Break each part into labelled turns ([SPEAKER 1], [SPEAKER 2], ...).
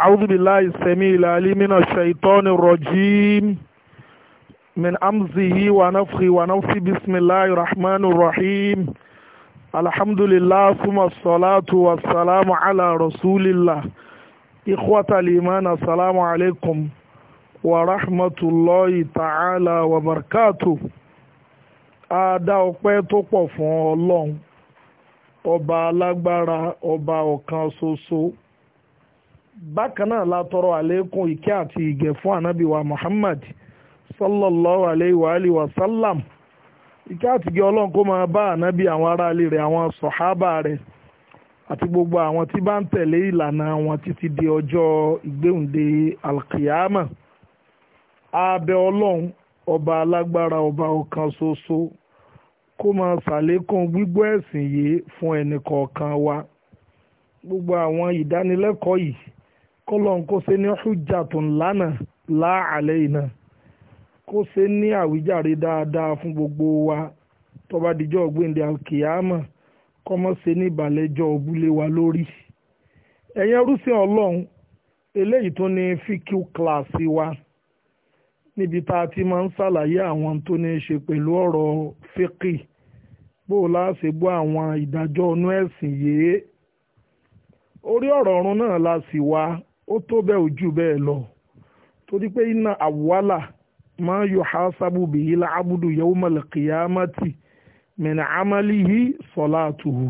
[SPEAKER 1] أعوذ بالله السميع العليم من الشيطان الرجيم من أمزه ونفخه ونفسه بسم الله الرحمن الرحيم الحمد لله ثم الصلاة والسلام على رسول الله إخوة الإيمان السلام عليكم ورحمة الله تعالى وبركاته a dá ọpẹ́ tó pọ̀ fún Ọlọ́run ọba alágbára ọba ọ̀kan bákan náà la tọrọ àlékún ìkẹ́ àti ìgẹ̀ fún ànábì Muhammad sallallahu alayhi wa alihi wa sallam ìkẹ́ àti ìgẹ̀ ọlọ́run kó máa bá ànábì àwọn ará ilé rẹ̀ àwọn sọ̀hábà rẹ̀ àti gbogbo àwọn tí bá ń tẹ̀lé ìlànà wọn títí di ọjọ́ ìgbéhùndé alkiyama abẹ ọlọ́run ọba alágbára ọba ọ̀kan ṣoṣo kó máa ṣàlékún gbígbọ́ ẹ̀sìn yìí fún ẹnì kọ̀ọ̀kan wa gbogbo àwọn ìdánilẹ́kọ̀ọ́ yìí kọ́lọ́n kó ṣe ní hujjatun lana la alayna kó ṣe ní àwíjàre dáadáa fún gbogbo wa tó bá dijọ́ ọ̀gbìndé alkiyama kọ́mọ́ ṣe ní ìbàlẹ́jọ́ òbúlé wa lórí ẹ̀yẹn rúṣin ọlọ́run eléyìí tó ní fíkú kíláàsì wa níbi tá a ti máa ń ṣàlàyé àwọn tó ní í ṣe pẹ̀lú ọ̀rọ̀ fíkì bó o láṣẹ bó àwọn ìdájọ́ inú ẹ̀sìn yìí orí ọ̀rọ̀ ọ̀run náà la sì wá ó tó bẹ́ẹ̀ ojú bẹ́ẹ̀ lọ torí pé iná àwọ̀là máa yọ hasabu bìyí la abudu yawmal ti min amalihi salatuhu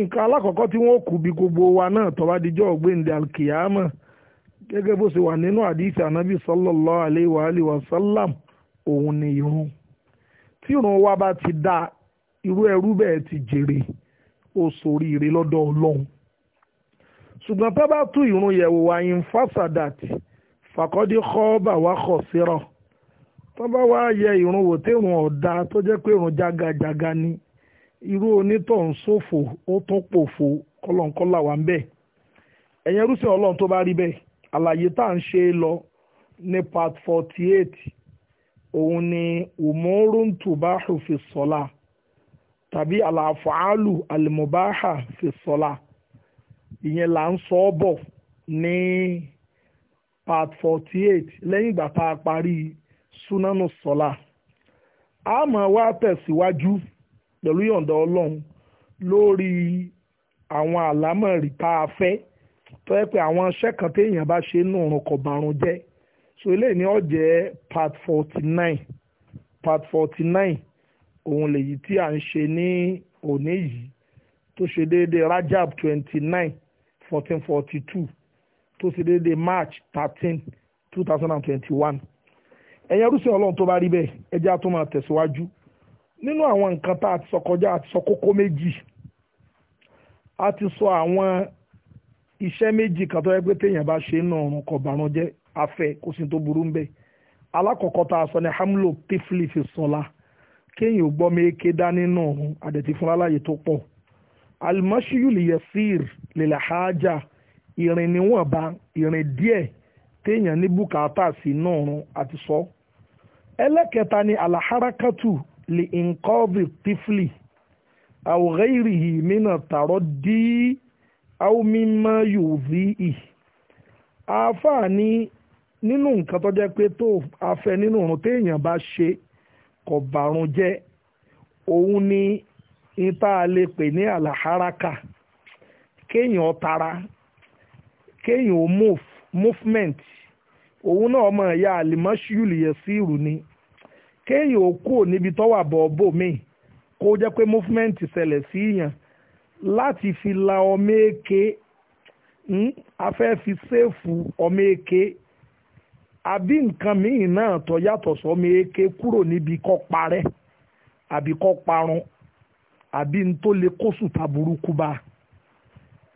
[SPEAKER 1] nǹkan alákọ̀ọ́kọ́ tí wọ́n kù bí gbogbo wa náà tó bá dijọ́ ọ̀gbẹ́ndẹ̀ alkiyama gẹ́gẹ́ bó ṣe wà nínú ti dá irú ẹrú bẹ́ẹ̀ ti jèrè ó ire lọ́dọ̀ ọlọ́run ṣùgbọ́n tá bá tú ìrun yẹ̀wò wà yín fásádàtì fàkọ́dí kọ́ọ́bà wá kọ̀ sírọ̀ tó bá wá yẹ ìrun wò tẹ́rùn ọ̀dà tó jẹ́ pé ìrun jágajàga ni irú onítọ̀hún ṣòfò ó tún pòfo kọ́lọ̀ńkọ́là wà ń bẹ̀ ẹ̀yẹn rúṣin ọlọ́run tó bá rí bẹ́ẹ̀ àlàyé tá à ń ṣe lọ ní part forty eight òun ni umurun tubahu fi sọ́la tàbí àlàáfàálù alimobaha fi sọ́la ìyẹn là ń sọ ọ́ bọ̀ ní part forty eight lẹ́yìn ìgbà tá a parí sunanu sọlá a máa wá tẹ̀síwájú pẹ̀lú yọ̀ǹda ọlọ́run lórí àwọn àlámọ̀rí tá a fẹ́ tó yẹ pé àwọn iṣẹ́ kan téèyàn bá ṣe nù ọ̀rùn kò jẹ́ so eléyìí ni ó jẹ́ part forty nine part forty nine òun lèyí tí à ń ṣe ní òní yìí tó ṣe déédéé Rajab twenty nine fourteen forty two tó ṣe déédéé March thirteen two thousand and twenty one ẹ̀yin arúsẹ̀ ọlọ́run tó bá rí bẹ́ẹ̀ ẹjẹ́ á tún máa tẹ̀síwájú nínú àwọn nǹkan tá a ti sọ kọjá a ti sọ kókó méjì a ti sọ àwọn iṣẹ́ méjì kan tó yẹ pé téèyàn bá ṣe nínú ọ̀run kò bàrànjẹ́ afẹ́ kò sí tó burú ń bẹ̀ alákọ̀ọ́kọ́ tá a sọ ni hamlo tifli fi sọ̀la kéèyàn ò gbọ́ méèké dá nínú ọ̀run àdẹ̀tí fúnra láàyè tó pọ̀ almashiyu liyasir lilahaja ìrìn níwọ̀nba ìrìn díẹ̀ téèyàn ní bùkátà sí náà àti sọ. ẹlẹ́kẹta ni alaharakatu li nkọ́ọ̀bì tifli àwòrẹ́ìrìhì mìíràn tààrọ́ dí aumima yòòzí ì. àáfàá ní nínú nǹkan tó jẹ́ pé tó afẹ́ nínú òrùn téèyàn bá ṣe kò bàrùn jẹ́ òun ni ita lè pè haraka: keyin kéèyàn tara kéèyàn ó move movement òun náà ọmọ ìyá ya yẹn sí ìrù ni kéèyàn ó kúrò níbi tọ́wà bọ̀ọ̀bọ̀ miin kó jẹ́ pé movement ṣẹlẹ̀ sí yàn láti fi la ọmọ èké hmm, a fi ṣéèfù ọmọ èké àbí nǹkan míì tó yàtọ̀ sọmọ èké kúrò níbi kọ́ parẹ́ àbí parun àbí n tó lè kó sùtà burúkú bá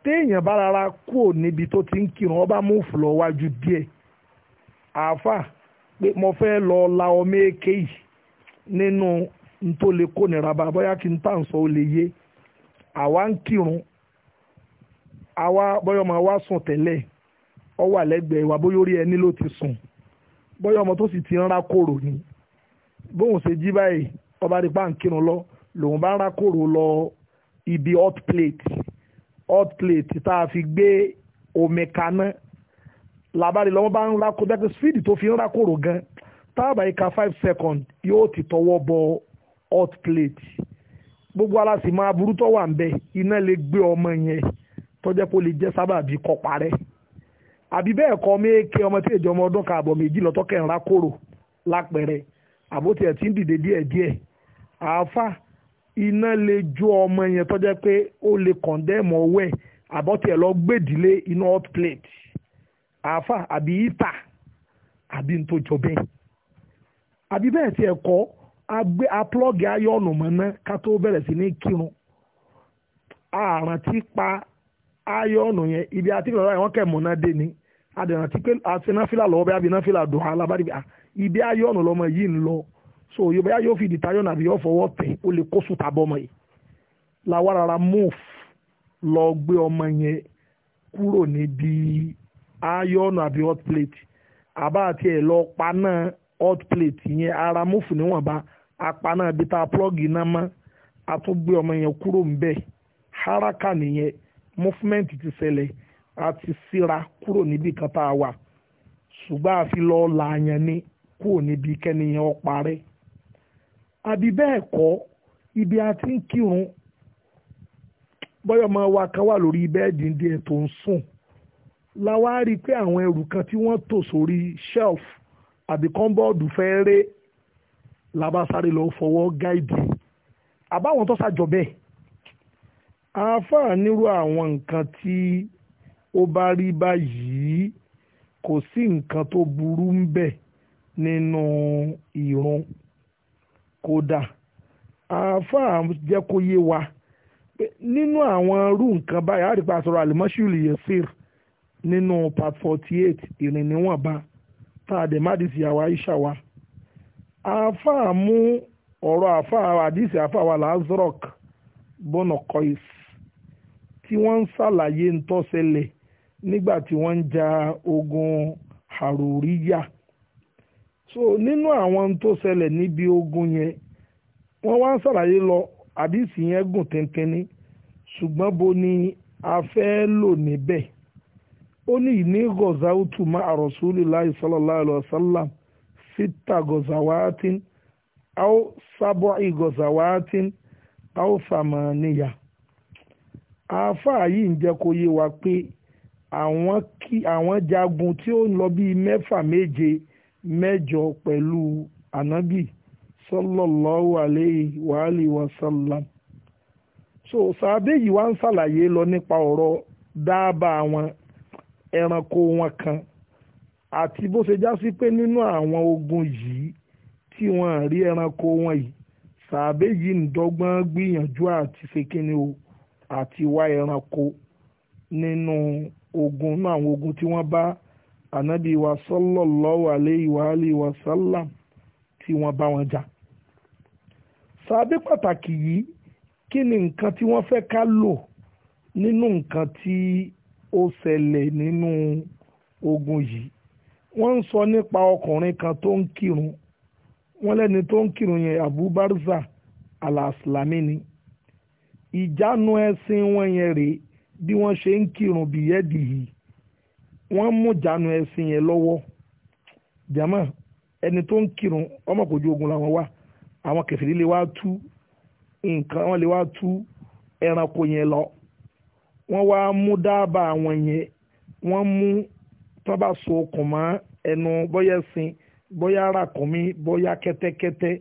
[SPEAKER 1] téèyàn bá rárá kúrò níbi tó ti ń kírun ọba mú fúlọ wájú díẹ̀ àáfà pé mo fẹ́ lọ la ọmọ èké yìí nínú n tó lè kó nira bá bóyá kí n tàn sọ ó lè yé àwa ń kírun àwa bóyá ọmọ wa sùn tẹ́lẹ̀ ọ wà lẹ́gbẹ̀ẹ́ wa bóyá orí ẹni ló ti sùn bóyá ọmọ tó sì ti ń rákòrò ni bóun ṣe jí báyìí ọba rí pa ń kírun lọ lòun bá rákòrò lọ ibi hot plate hot plate tá a fi gbé omi kaná làbárí lọ́wọ́ bá ń rákò bẹ́ẹ̀ speed tó fi ń rákòrò gan táàbà ìka five second yóò ti tọwọ́ bọ hot plate gbogbo ara sì máa burú tó wà ń bẹ iná lè gbé ọmọ yẹn tó jẹ́ kó lè jẹ́ sábàbí kó parẹ́ àbí bẹ́ẹ̀ kọ́ méèké ọmọ tí èjọ ọdún kààbọ̀ méjì lọ́tọ́ kẹrìnlá kòrò lápẹ̀rẹ̀ àbótiẹ̀ tí ń dìde díẹ̀ díẹ̀ iná le jó ọmọ yẹn tó jẹ́ pé ó le condemn ọwọ́ ẹ̀ àbọ̀tì ẹ̀ lọ gbèdìlé iná hot plate àáfà àbí ìta àbí tó bẹ́ẹ̀ àbí bẹ́ẹ̀ tí ẹ kọ́ agbé aplọ́gì mọ́ná ká tó bẹ̀rẹ̀ sí ní kírun ti pa ayọ́ọ̀nù yẹn ibi àti ìrọ̀lá yẹn mọ́ná dé ni àdìrán pé àti náfìlà lọ́wọ́ ibi lọ́mọ yìí ń lọ so yorùbá yá yóò fi ìdí tayọ nàbí yóò fọwọ́ tẹ̀ ó lè kó sùtà bọ́mọ yìí làwọn rárá move lọ gbé ọmọ yẹn kúrò níbi ayọ́nù àbí hot plate àbá àti ẹ̀ lọ paná hot plate yẹn ara move níwọ̀nba apaná ibi tá a plug iná mọ́ a gbé ọmọ yẹn kúrò ńbẹ̀ haraka nìyẹn movement ti ṣẹlẹ̀ a síra kúrò níbi kan tá a wà ṣùgbọ́n a fi lọ́ọ́ la yẹn ní kúrò níbi kẹ́niyẹn ó parẹ́. àbí bẹ́ẹ̀ kọ́ ibi a ti ń kírun bọ́yọ̀ máa wa kan wà lórí bẹ́ẹ̀dì díẹ̀ tó ń sùn láwa rí i pé àwọn ẹrù kan tí wọ́n tò sórí shelf àbí kọ́ńbọ́ọ̀dù fẹ́ ré labasare lọ fọwọ́ gáìdì àbáwọn tó ṣàjọ bẹ́ẹ̀ àáfàá nírú àwọn nǹkan tí ó bá rí báyìí kò sí nǹkan tó burú ń bẹ nínú ìrun. No, kódà àáfàá jẹ́ kó yé wa pé nínú àwọn irú nǹkan báyìí àrípa àsọ̀rọ̀ àlùmọ́ṣúlù yẹsìr nínú part forty eight ìrìn níwọ̀nba tá a dẹ̀ má dì sí àwa iṣà wa àáfàá mú ọ̀rọ̀ àáfàá àdìsí àáfàá wa lazarok bọ́nà kois tí wọ́n ń ṣàlàyé ń tó ṣẹlẹ̀ nígbà tí wọ́n ń ja ogun haruriya so nínú àwọn tó ṣẹlẹ̀ níbi ogun yẹn wọ́n wá ń ṣàlàyé lọ àdìsí yẹn gùn tẹ́ntẹ́ní ṣùgbọ́n bo ni a fẹ́ lò níbẹ̀ ó ní ìní gọ̀záwùtù má àròsúlìláì sallallahu alaihi wasallam síta gọ̀záwàátìn áó sábọ̀ ìgọ̀záwàátìn áó fàmàníyà àáfàá yìí ń jẹ́ kó yé wa pé àwọn jagun tí ó ń lọ bíi mẹ́fà méje mẹ́jọ pẹ̀lú anaghi sallallahu alayhi wa alihi wa sallam so sàbẹ yìí wá ń ṣàlàyé lọ nípa ọ̀rọ̀ dábàá àwọn ẹranko wọn kan àti bó ṣe já sí pé nínú àwọn ogun yìí tí wọ́n rí ẹranko wọn yìí sàbẹ yìí ń dọ́gbọ́n gbìyànjú àti ṣe o àti wá ẹranko nínú ogun nínú àwọn ogun tí wọ́n bá ànábì wa sallallahu alayhi wa alihi wa sallam tí wọ́n bá wọn jà sàbí pàtàkì yìí kí ni nǹkan tí wọ́n fẹ́ ká lò nínú nǹkan tí ó ṣẹlẹ̀ nínú ogun yìí wọ́n ń sọ nípa ọkùnrin kan tó ń kírun wọ́n lẹ́ni tó ń kírun yẹn Abu Barza alaslami ni ìjánu ẹ̀sìn wọn yẹn rèé bí wọ́n ṣe ń kírun bìyẹ́dì yìí wọ́n mú jánu ẹ̀sìn yẹn lọ́wọ́ jama ẹni tó ń kírun ọmọkòjú ogun làwọn wà àwọn kẹfìrí lè wá tú nǹkan wọn lè wá tú ẹranko yẹn lọ wọ́n wá mú dábàá àwọn yẹn wọ́n mú so okùn mọ́ ẹnu bóyá ẹ̀sìn bóyá ràkúnmí bóyá kẹ́tẹ́kẹ́tẹ́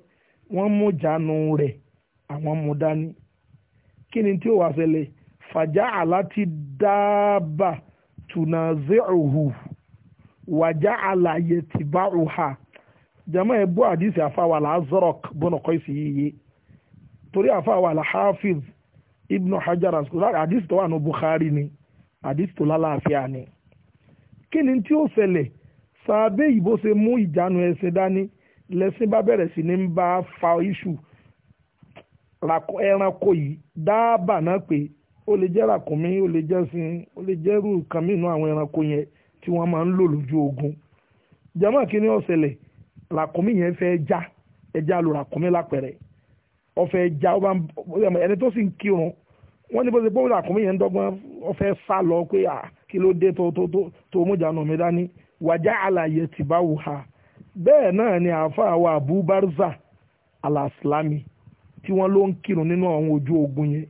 [SPEAKER 1] wọ́n mú jánu rẹ̀ àwọn mú dání kí ni tí ó fàjà àlá ti tunazi'uhu wàjá àlàyé tìbáruha jama ẹ bú àdìsí àfàwà làázọrọk bọ́nà kọ́ ìsì yìí yé torí hajar àdìsí tó ní bukhari ni àdìsí tó ni. kini nti tí ó ṣẹlẹ̀ sàbẹ̀ ìbò mu ijanu ese dani fa isu ẹranko ó lè jẹ́ ràkúnmí ó lè jẹ́ sin ó lè jẹ́ rú kan mìíràn àwọn ẹranko yẹn tí wọ́n máa ń lò lójú ogun jama kí ni ó ṣẹlẹ̀ ràkúnmí yẹn fẹ́ já ẹja lu ràkúnmí lápẹ̀rẹ̀ ó fẹ́ já ó bá ń ẹni tó sì ń kírun wọ́n ní bó ṣe pé ràkúnmí yẹn ń dọ́gbọ́n ó sá lọ pé kí ló dé tó tó tó mú ìjà náà dání wàjá àlàyé tìbá wù ha bẹ́ẹ̀ náà ni àáfàá wa Abu Barza alaslami tí wọ́n ló ń kírun nínú àwọn ojú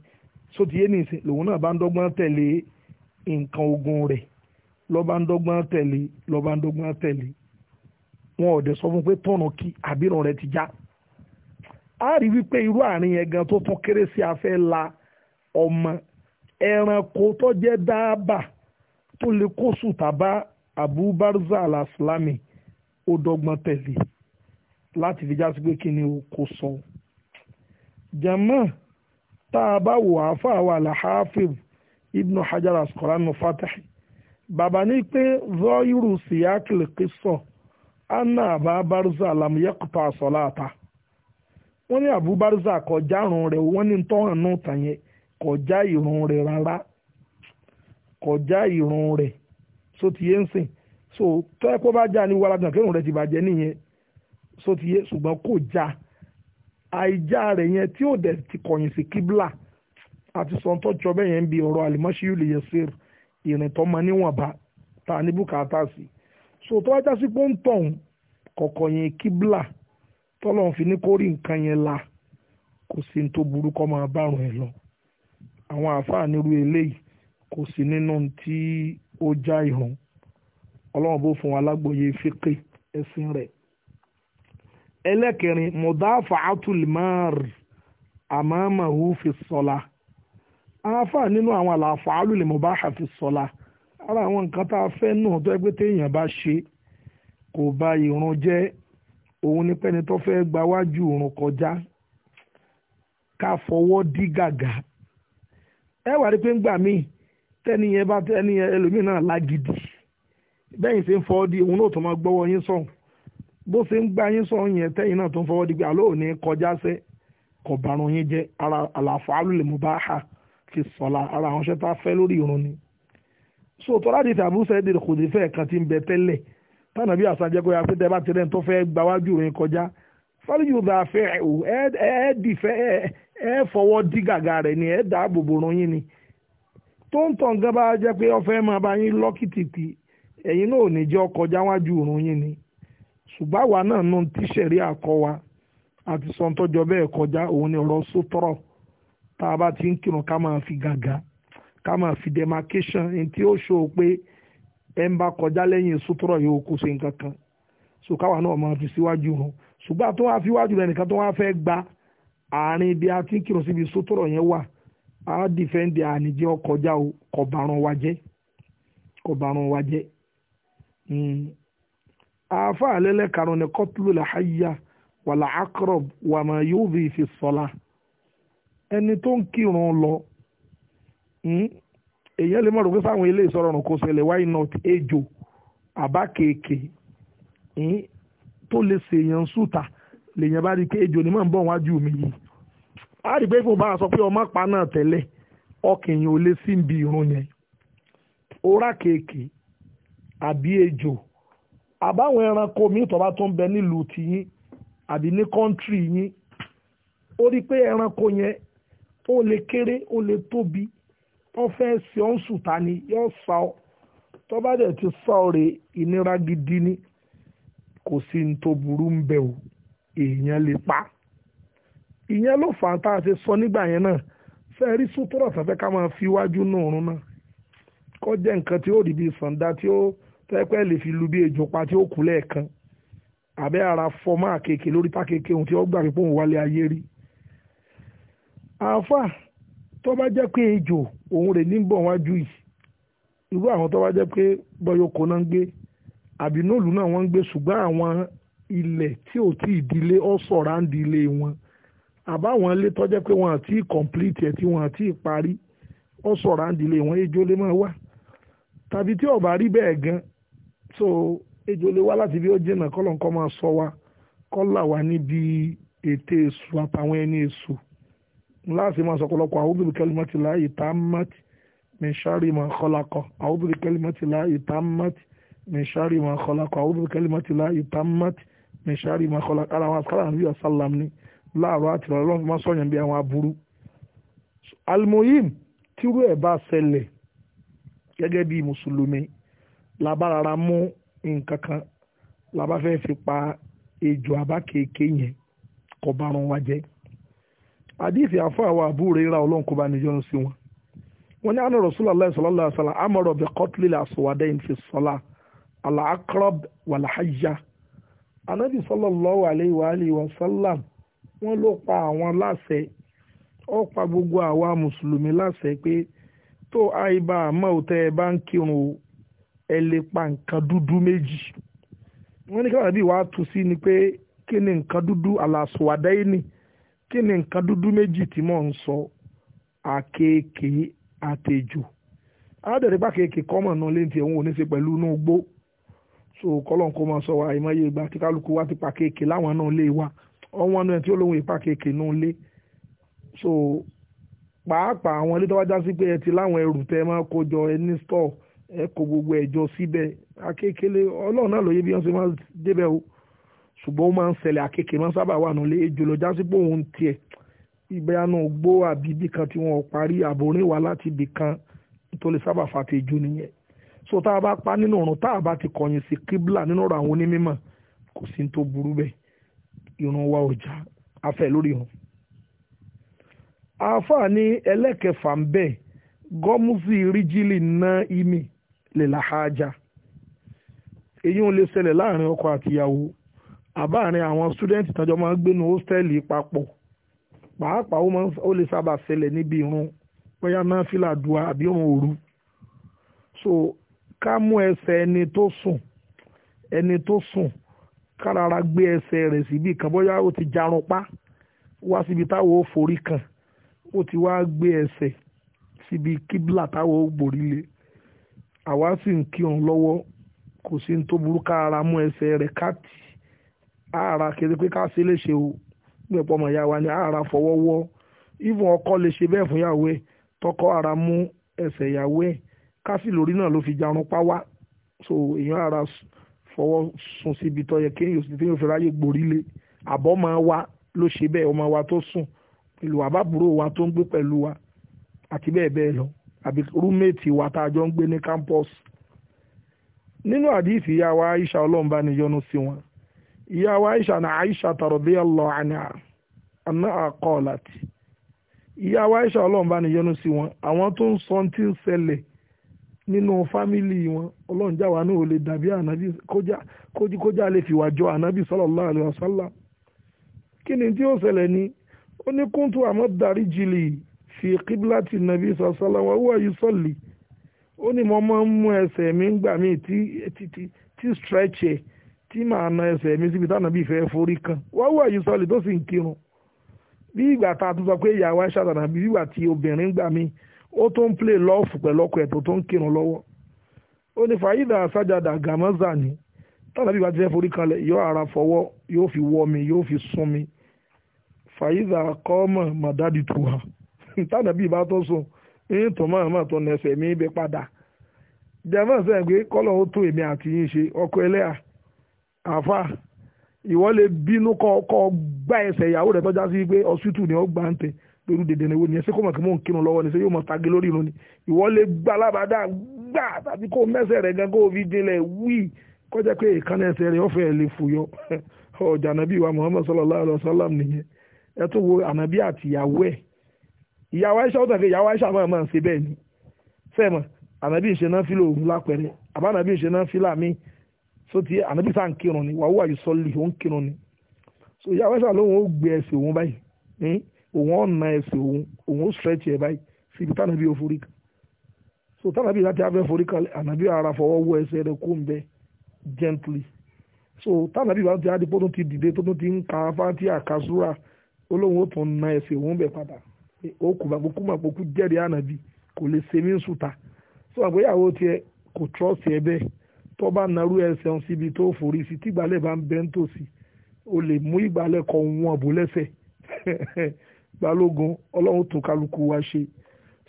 [SPEAKER 1] sotiye nìsín lòun náà bá ń dọ́gbọ́n tẹ̀lé nǹkan ogun rẹ̀ lọ́ba ń dọ́gbọ́n tẹ̀lé lọ́ba ń dọ́gbọ́n tẹ̀lé wọn ò dẹ̀ sọ fún pé tọ̀nà kí àbíràn rẹ̀ ti já a rí wípé irú àárín yẹn gan tó tún kéré afẹ́ la ọmọ ẹranko tó jẹ́ dáàbà tó lè kó sùtà bá Abu Barza al-Aslami ó dọ́gbọ́n tẹ̀lé láti fi já sí pé kí ni o kò sọ jẹ́mọ́ tá a bá wò àáfàá wa alhafiz ibnu hajar asqalani fatah bàbá ní pé zọ́ọ̀yìrù síyákìl kìsọ̀ anna àbá barza lam yaqta salata wọ́n ní àbú barza kọjá irun rẹ̀ wọ́n ní tọ́hàn náà tàn yẹn kọjá irun rẹ̀ rárá kọjá irun rẹ̀ so ti yé ń sìn so tọ́ ẹ kó bá já ní wàlágbọ̀n kí irun rẹ̀ ti bàjẹ́ nìyẹn so ti yé ṣùgbọ́n kò já. Ja àìjá rẹ̀ yẹn tí o dẹ̀ ti kọ̀yìn sí kíbla àti jọ bẹ́ẹ̀ yẹn ń bi ọ̀rọ̀ àlìmọ́ṣí yìí lè yẹ sí ìrìn ta ní so tó wájá sí pọ́ńtọ̀hún kọ̀kọ̀ yẹn kíbla fi ní kó rí la kò sí ní tó burú máa bárùn ẹ̀ lọ àwọn àáfàá nírú eléyìí kò sí nínú tí ó já ìhàn ọlọ́run bó fún wa ẹlẹ́kẹrin mọ̀dáfà atulmar àmàmàhù fi sọ́la afa nínú àwọn àlàfà alùlẹ̀mọ̀báhà fi sọ́la ara àwọn nǹkan tá a fẹ́ náà tó ẹgbẹ́ téèyàn bá ṣe kò ba ìrun jẹ́ òun ni pẹ́ni tó fẹ́ gba wájú ìrun kọjá ká fọwọ́ dí gàgà ẹ wà rí pé ń gbà míì tẹ́ni yẹn bá tẹ́ni bẹ́yìn ń fọ́ di òun náà tó máa gbọ́wọ́ yín bó ṣe ń gbá yín sọ yẹn tẹ́yìn náà tó ń fọwọ́ digbí àlọ́ òní kọjá sẹ́ kò bàrùn yín jẹ́ ara àlàfo alùlẹ̀ mú bá hà fi sọ̀la ara àwọn ṣẹ́ a fẹ́ lórí irun ni. so tọ́lá di tàbí sẹ́ẹ̀dì kò dé fẹ́ kan ti ń bẹ tẹ́lẹ̀ tánà bí àṣà jẹ́kọ̀ọ́ yàtọ̀ tẹ́ bá ti rẹ̀ tó fẹ́ gba wájú rẹ̀ kọjá fálíyù dà fẹ́ ẹ̀ ẹ̀ dìfẹ́ ẹ̀ ẹ̀ fọwọ́ dí gàgà rẹ̀ ni ẹ̀ dáàbò bòrò yín ni tó ń tàn gan bá jẹ́ pé ó fẹ́ máa bá yín lọ́kìtìtì ẹ̀yin náà ò ní jẹ́ ọkọjá wájú òrùn yín ni ṣùgbọ́n àwa náà nù tíṣẹ̀rí àkọ wa àti sọ̀ńtọ́jọ́ bẹ́ẹ̀ kọjá òun ni ọ̀rọ̀ sótọ́rọ̀ tá a bá ti ń kírun ká máa fi gàgà ká máa fi demarcation ní tí ó ṣó o pé ẹ ń bá kọjá lẹ́yìn sótọ́rọ̀ yóò kó ṣe nǹkan kan so káwa náà máa fi síwájú hàn ṣùgbọ́n àtúntò wá fi wájú rẹ̀ nìkan tó wá fẹ́ gba àárín ibi a ti ń kírun síbi sótọ́rọ̀ yẹn wà á dìfẹ́ǹdì àníjẹ́ ọkọjá o kọ̀ọ̀bàrún wa jẹ́ kọ̀ọ̀bàrún wa jẹ́ hmm àáfà àlẹ́lẹ́ karùn-ún ni kọ́tùlù làháyà wàlà akrob wàmà yóò fi fi sọ́la ẹni tó ń kírun lọ hmm, èèyàn lè má pé sáwọn ilé ìsọ̀rọ̀ ọ̀run kò ṣẹlẹ̀ why not ejò àbá kéèké hmm, tó lè ṣèyàn sùtà lèyàn bá rí i pé ejò ni máa ń bọ̀ wájú mi yìí á rí i pé fún báwa sọ pé ọmọ pa náà tẹ́lẹ̀ ọkìnyìn ò lè sí ibi ìrun yẹn ó rà kéèké àbí ejò àbáwọn ẹranko míì tó bá tó bẹ nílùú tiyín àbí ní kọ́ńtírì yín ó rí pé ẹranko yẹn ó lè kéré ó lè tóbi wọ́n fẹ́ ṣe ọ́n sùtà ni yóò sá ọ tó bá dẹ̀ ti sá ọ rè ìnira gidi ni kò sí ní tó burú ń bẹ̀ o èèyàn lè pa ìyẹn ló fà á tá a ṣe sọ nígbà yẹn náà fẹ́ rí sútúrọ̀ sọ́fẹ́ ká máa fi iwájú náà rún náà kọ́ jẹ́ nǹkan tí ó rí bíi sàǹdà tí ó tẹ́pẹ́ lè fi lu bí ejò pa tí ó kú lẹ́ẹ̀kan àbẹ́ ara fọmọ́ àkekè lórí tákekè ohun tí ó gbà pípọ̀ òun wálé ayé rí àáfà tó bá jẹ́ pé ejò òun rè ní bọ̀ wájú yìí irú àwọn tó bá jẹ́ pé bọ́yọ̀kọ náà ń gbé àbí nóòlù náà wọ́n ń gbé ṣùgbọ́n àwọn ilẹ̀ tí ò tí ì dilé ọ̀ sọ̀rọ̀ à ń dilé wọn àbáwọn ilé pé wọn àti complete ẹ̀ tí wọn àti parí ọ̀ sọ̀rọ̀ à ń dilé wọn ejò lè máa wà tàbí tí ó rí bẹ́ẹ̀ gan so ejò lè wá láti bí ó jìnnà kọ́ lọ́nkọ́ máa sọ wa kọ́ là wá níbi ètè èṣù àtàwọn ẹni èṣù láti máa sọ ọ̀pọ̀lọpọ̀ a'udhu bi kalimati llahi tammati min sharri ma khalaqa a'udhu bi kalimati llahi tammati min sharri ma khalaqa a'udhu bi kalimati llahi tammati min ọ̀sálàm ni láàárọ̀ àti ìrọ̀lẹ́ lọ́nà máa sọ̀yàn bí àwọn labárara mú nǹkan kan labá fẹ́ fi pa ejò àbá kéèké yẹn kò bá wọn wá jẹ́ àdìsí àfáà wa àbúrò ìra ọlọ́run kò bá níjọ́ sí wọn wọ́n ní àná Rasulullah sallallahu alaihi wasallam amara bi qatlil aswadain fi salah al-aqrab wal-hajja anabi sallallahu alaihi wa alihi wa wọ́n ló pa àwọn láṣẹ ó pa gbogbo àwa mùsùlùmí láṣẹ pé tó àìbá àmọ́ òtẹ́ bá ń kírun ẹ lè pa nǹkan dúdú méjì wọ́n ní káwọn àbí wàá tù sí ni pé kí ni nǹkan dúdú aláṣọwádẹ́yìnì kí ni nǹkan dúdú méjì tí mò ń sọ àkekèé àtejò aládẹ̀rẹ́ bá kekèé kọ́mọ̀ náà lé ti ẹ̀wọ̀n oníṣe pẹ̀lú inú gbó so kọ́lọ́n kó máa sọ wa àìmọye ìgbà tí kálukú wa ti pa kekèé láwọn náà lé wa ọ̀wọ́n náà tí olóhùn ìpa kekèé náà lé so pàápàá àwọn ilé tó wájá sí pé ẹ ti láwọn ẹrù tẹ máa kó jọ ẹni store ẹ kó gbogbo ẹ̀jọ́ síbẹ̀ akékèlé ọlọ́run náà lóye bí wọ́n ṣe máa débẹ̀ o ṣùgbọ́n ó máa ń ṣẹlẹ̀ akékèké máa ń sábà wà nílé ejò lọ jásí pé òun tiẹ̀ gbó àbí ibì kan tí wọ́n parí àbòrín wá láti ibì kan tó lè sábà fa ti nìyẹn so tá a bá pa nínú ọ̀run tá a bá ti kọ̀yìn sí kíbla nínú ọ̀rọ̀ àwọn onímọ̀ kò sí tó burú bẹ́ẹ̀ irun wa ọjà afẹ́ lórí hàn àáfàá ní ẹlẹ́kẹfà ń bẹ́ẹ̀ gọ́mùsì ríjìlì ná ìmì lèlàhájà èyí ń lè ṣẹlẹ̀ láàrin ọkọ àtìyàwó àbáàrin àwọn student tọ́jọ́ máa ń gbénu hóstẹ́ẹ̀lì papọ̀ pàápàá ó lè sábà ṣẹlẹ̀ níbi ìrun bóyá náà fìlà dùà àbí òun òru so ká mú ẹsẹ̀ ẹni tó sùn ẹni tó sùn kárara gbé ẹsẹ̀ rẹ̀ síbi kan bóyá ó ti jarun pa wá síbi táwọn ó forí kan ó ti wá gbé ẹsẹ̀ síbi kíbla táwọn ó gbòrí lé àwa sì ń kí òun lọ́wọ́ kò sí ní tó burú ká ara mú ẹsẹ̀ rẹ̀ ká tì ara kiri pé ká ṣe léṣe o gbẹ̀pọ̀ ọmọ ìyá wa ni ara fọwọ́ wọ́ even ọkọ lè ṣe bẹ́ẹ̀ fún ìyàwó ẹ̀ tọkọ ara mú ẹsẹ̀ ìyàwó ẹ̀ ká sì lórí náà ló fi jarun pa wá so èèyàn ara fọwọ́ sùn síbi tó yẹ kéèyàn sì téèyàn fi ráyè gbòrí lé àbọ̀ máa wá ló ṣe bẹ́ẹ̀ ọmọ wa tó sùn pẹ̀lú àbábúrò wa tó ń gbé pẹ̀lú wa àti bẹ́ẹ̀ bẹ́ẹ̀ lọ àbí rúmẹ̀tì wa tá a jọ ń gbé ní campus nínú àdìsí ìyá wa Aisha ọlọ́run bá ní yọ́nú sí wọn ìyá wa Aisha na Aisha radiyallahu anha anna qalat ìyá wa Aisha ọlọ́run bá ní yọ́nú sí wọn àwọn tó ń sọ tí ń ṣẹlẹ̀ nínú fámìlì wọn ọlọ́run jáwa náà ò lè dàbí ànábì kójá lè fìwà jọ ànábì sallallahu alaihi wasallam kí ni tí ó ṣẹlẹ̀ ni ó ní kúntù àmọ́ dárí jìlì fi kíbláàtì nàbí sọ̀sọ́lá wọn wọ́n yìí sọ̀lì ó ní mo máa ń mú ẹsẹ̀ mi ń gbà mí tí tí tí stretch ẹ̀ tí màá na ẹsẹ̀ mi síbi táwọn nàbí fẹ́ forí kan wọ́n wọ́n yìí sọ̀lì tó sì ń kírun bí ìgbà tá a tún sọ pé ìyàwó ẹ̀ ṣàtànà bí ìgbà tí obìnrin gbà mí ó tún ń play lọ́ọ̀fù pẹ̀lú ọkọ ẹ̀ tó tó ń kírun lọ́wọ́ ó ní fàyídà sájàdà gàmọ́zà ni táwọn nàbí bá ti fẹ́ forí kanlẹ̀ hàn tànàbí bá tó sùn ní tòmọ́ àmọ́ tó nẹsẹ̀ mi bẹ padà jẹ́mọ́ sẹ́yìn pé kọ́lọ̀ ó tó èmi àti yín ṣe ọkọ ẹlẹ́yà àfa ìwọ lè bínú kọ́ kọ́ gbá ẹsẹ̀ ìyàwó rẹ̀ tọ́já sí pé hospital ni ó gbà ń tẹ̀ lórí dèdè ni wo ni ẹ ṣé kó mọ̀ kí mò ń kírun lọ́wọ́ ni ṣé yóò mọ̀ tagi lórí ìrún ni ìwọ lè gbá lábàdá gbà tàbí kó mẹ́sẹ̀ rẹ̀ gan kó fi wí kọjá pé ìkànnì ẹsẹ̀ rẹ̀ ọ̀fẹ́ lè fòyọ ọjà ànábì wa Muhammad sallallahu alayhi wa sallam nìyẹn ẹ tó wo ànábì àtìyàwó ẹ̀ ìyàwó aisha ó tàbí ìyàwó aisha máa máa ń ṣe bẹ́ẹ̀ ni fẹ́ẹ̀mọ̀ ànábì ìṣe náà fi lòun lápẹ̀rẹ̀ àbá ànábì ìṣe náà fi láàmì so ti ànábì sáà ń kírun ni wàhùn àyè sọ́ọ̀lì ó ń kírun ni so ìyàwó aisha lóun ó gbé ẹsẹ̀ òun báyìí ní òun ọ̀nà ẹsẹ̀ òun òun ó stretch ẹ̀ báyìí síbi tànàbí ó kan so tànàbí láti abẹ́ forí kan ànábì ara fọwọ́ wọ ẹsẹ̀ rẹ̀ kó ń bẹ gently so tànàbí bá ti adé pọ́tún ti dìde tó tún ti ń ka fáńtì àkàsúrà olóhùn ó tún na ẹsẹ̀ òun bẹ̀ padà ó kùmàgbókù màgbókù jẹ́rìí ànábì kò lè ṣe mí ń sùta sọ àgbéyàwó tiẹ̀ kò trọ́ọ̀sì ẹ bẹ́ẹ̀ tó bá narú ẹsẹ̀ ń síbi tó forí sí tí ìgbàlẹ̀ bá ń bẹ́ ń tòsí o lè mú ìgbàlẹ̀ kọ ohun ọ̀bù lẹ́sẹ̀ balógun ọlọ́run tó kálukú wa ṣe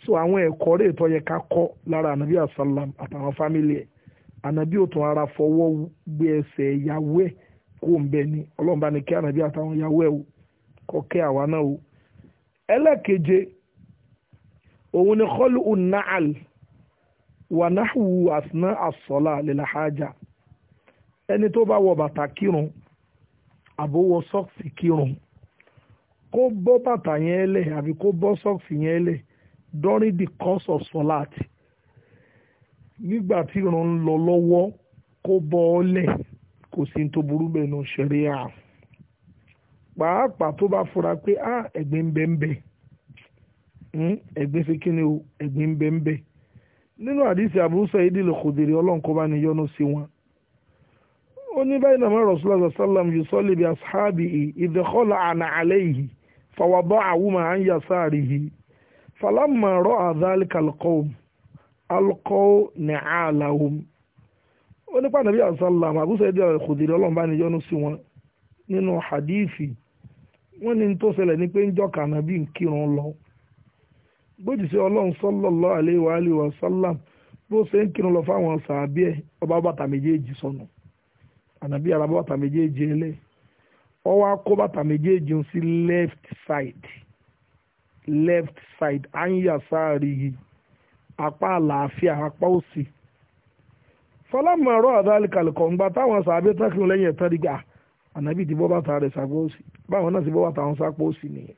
[SPEAKER 1] so àwọn ẹ̀kọ́ rẹ̀ tó yẹ ká kọ́ lára ànábì asalam àtàwọn fámìlì ẹ̀ ànábì ò tún ara fọwọ́ gbé ẹsẹ̀ ìyàwó ẹ̀ kó ń bẹ ni ọlọ́run bá ní kí ànábì àtàwọn ìyàwó ẹ̀ kọ́ kẹ́ àwa náà o ẹlẹ́keje òun ni kọ́lù unnaal wà náhùú àsìná àsọ̀lá lèlàhájà ẹni tó bá wọ bàtà kírun àbówọ sọ́ọ̀sì kírun kó bọ́ bàtà yẹn lẹ̀ àbí kó bọ́ sọ́ọ̀sì yẹn lẹ̀ during the course of nígbà tí ìrun ń lọ lọ́wọ́ kó bọ́ ọ lẹ̀ kò sí ní tó burú bẹ́ẹ̀ nù ṣẹ̀ríà pàápàá tó bá fura pé á ẹ̀gbin ń bẹ ń bẹ hmm? ẹ̀gbin ṣe kí ni o ẹ̀gbin ń bẹ ń bẹ nínú àdìsí Abu Sa'id al-Khudri ọlọ́nkọ́ba ni yọ́nú sí wọn ó ní báyìí nàmá Rasulullah sallam yusalli bi ashabihi idh khala'ana alayhi fawada'ahuma an yasarihi falamma ra'a dhalika al-qawm alqaw ni'alahum ó ní pàdánù bí asálàm Abu Sa'id al-Khudri ọlọ́nba ni yọ́nú sí wọn nínú hadithi wọ́n ní tó ṣẹlẹ̀ ní pé ń jọ́ka ànábì ń kírun lọ bójú sí ọlọ́run sallallahu alaihi wa alihi wa sallam bó ṣe ń kírun lọ fáwọn sàábí ẹ̀ ọba bàtà méjèèjì sọnù ànábì ara bàtà méjèèjì ẹlẹ́ ọwọ́ akó bàtà méjèèjì ń sí left side left side anya sáàrí yìí apá àlàáfíà apá òsì táwọn sàábí tán kírun lẹ́yìn ànábì ti bọ́ bàtà rẹ̀ sápò òsì báwọn náà ti bọ́ bàtà wọn sápò òsì nìyẹn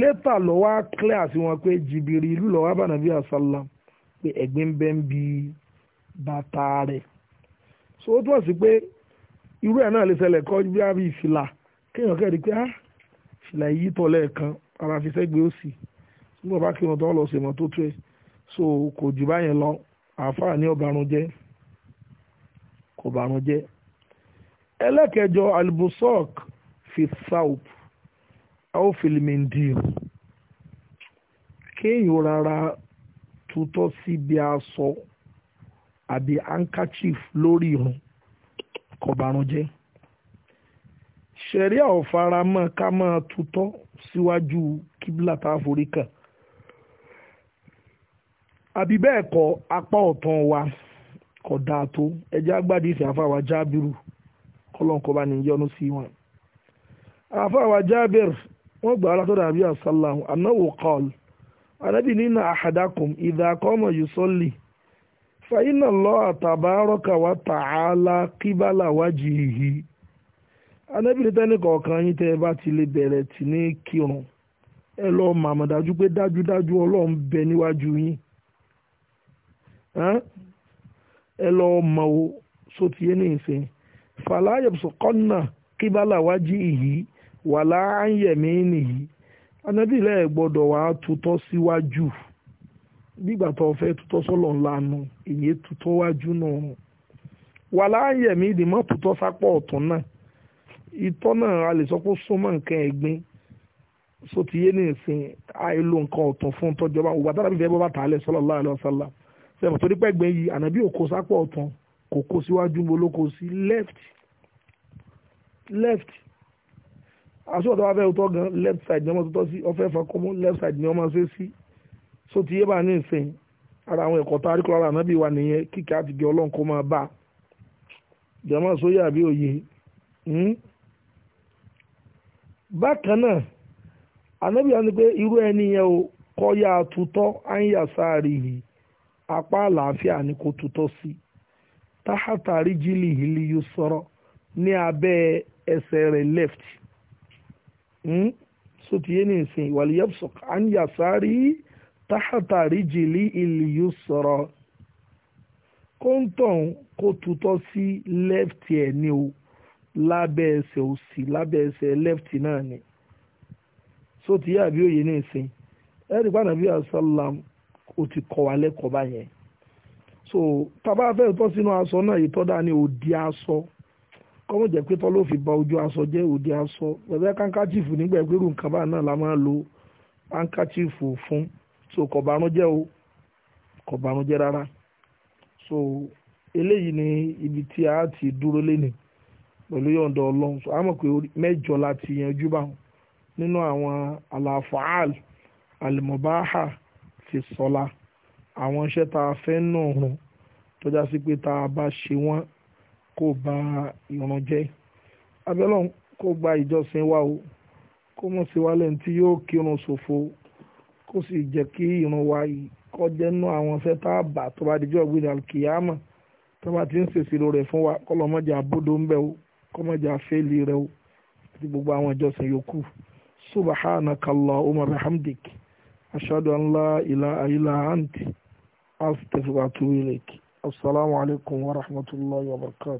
[SPEAKER 1] lẹ́tà lọ wá clear sí wọn pé jìbìrì ìlú lọ wá bá nàbí àsálàm pé ẹ̀gbin ń ń bi bàtà rẹ̀ so ó túmọ̀ sí pé irú ẹ̀ náà lè ṣẹlẹ̀ kọ́ bí a bí ìfìlà kéèyàn kẹ́rì pé ah ìfìlà yìí tọ̀ lẹ́ẹ̀kan ara fi sẹ́gbẹ̀ẹ́ òsì nígbà bá kéwọn so kò jù báyẹn lọ àáfàá ẹlẹ́kẹjọ albusok fi saup au filimindir kéèyàn rárá tutọ́ síbi aṣọ àbí handkerchief lórí irun kọ̀bàrún jẹ́ ṣẹ̀ríà ò fara mọ́ ká máa tutọ́ síwájú kíbla tá a àbí bẹ́ẹ̀ kọ́ apá ọ̀tàn wa kò dáa tó ẹjẹ́ agbádìí ìsìn àfàwà jábìrù kọ́lọ́n kọ́ bá ní yọnu sí wọn. àfa àwa wọ́n gbà anáwó kọ́l anábì nínú àhàdákùn ìdàkọ́mọ̀ fàyínà lọ àtàbárọ́kà lọ dájú pé dájúdájú ọlọ́run bẹ níwájú yín ẹ lọ mọ̀ ní ìsìn fàlàyébùsùn kọ́nà kíbálà wájú ìyí wàlá àyẹ̀mí nìyí anabi ilẹ̀ gbọ́dọ̀ wá tutọ́ síwájú nígbà tó fẹ́ tutọ́ sọ́lọ̀ ńlanu èyí tutọ́ wájú náà wàlá àyẹ̀mí ìdìmọ́ tutọ́ sápọ̀ ọ̀tún náà ìtọ́ náà a lè sọ pé súnmọ́ nǹkan ẹ̀gbin so ti yé ní ìsìn àìlò nǹkan ọ̀tún fún tọ́jọba òwò àtàlàbí fẹ́ bọ́ bá tà á lẹ̀ sọ́lọ̀ láàlọ́ sálà sẹ́wọ̀n kò kó síwájú mo kó sí left left aṣọ tó wá fẹ́ tọ́ gan left side ni wọ́n tó tọ́ sí ọ̀fẹ́ fakọ́mọ́ left side ni wọ́n ṣe sí so ti yé bá ní ìsìn ara àwọn ẹ̀kọ́ tá a rí kọ́ ara ànábì wa nìyẹn kíkẹ́ àti gé ọlọ́run kó máa bá jẹ́mọ́ sóyè àbí òye hmm? bákan náà ànábì wa ní pé irú ẹni yẹn o kọ́ yá tutọ́ áyà sáà rí i apá àlàáfíà ni kò tutọ́ sí i táhàtà ríjìlì ìlú yóò sọ̀rọ̀ ní abẹ́ ẹsẹ̀ rẹ̀ left hmm? sotiye ní ìsìn ìwàlíyàpsọ̀k ànyàsárí táhàtà tahata ìlú yóò sọ̀rọ̀ kóńtọ̀n kó tutọ́ sí left ẹ̀ ní o lábẹ́ ẹsẹ̀ òsì lábẹ́ ẹsẹ̀ left náà ni sotiye àbí òye ní ìsìn ẹ̀rí pàdánù bí àṣàlám ó ti kọ́ wa lẹ́kọ̀ọ́ so tàbá fẹ́ tọ́ sínú aṣọ náà yìí tọ́da ni òdi aṣọ kọ́mọ jẹ́ pé tọ́ ló fi ba ojú aṣọ jẹ́ òdi aṣọ pẹ̀lú kankachifu nígbà ìgbérù nǹkan báyìí náà la máa lo kankachifu fún so kọ̀bánújẹ́ o kọ̀bánújẹ́ rárá so eléyìí ni ibi tí a ti dúró lénìí pẹ̀lú yọ̀ǹda ọlọ́run so a mọ̀ pé mẹ́jọ la ti yanjú báwọn nínú àwọn àlàfáàl àlìmọ̀báhà fi sọ́la. So, àwọn iṣẹ́ tá a fẹ́ náà rùn tó já sí pé tá a bá ṣe wọ́n kó ba ìran jẹ́ abẹ́lọ́n kó gba ìjọsìn wa o kó mọ̀ sí wa lẹ́yìn tí yóò kírun ṣòfò kó sì jẹ́ kí ìran wa yìí kọjẹ́ nú àwọn iṣẹ́ tá a bà tó bá dijọ́ gbé alkiyama tó bá ti ń ṣèṣirò rẹ̀ fún wa kọ́lọ́mọ́jà abúdó ń bẹ̀ o kọ́mọ́jà fẹ́ẹ́lì rẹ̀ o àti gbogbo àwọn ìjọsìn yòókù subhanakallahumma bihamdik ashhadu an la ilaha illa anti astaghfiruka wa atubu ilaik assalamu alaikum wa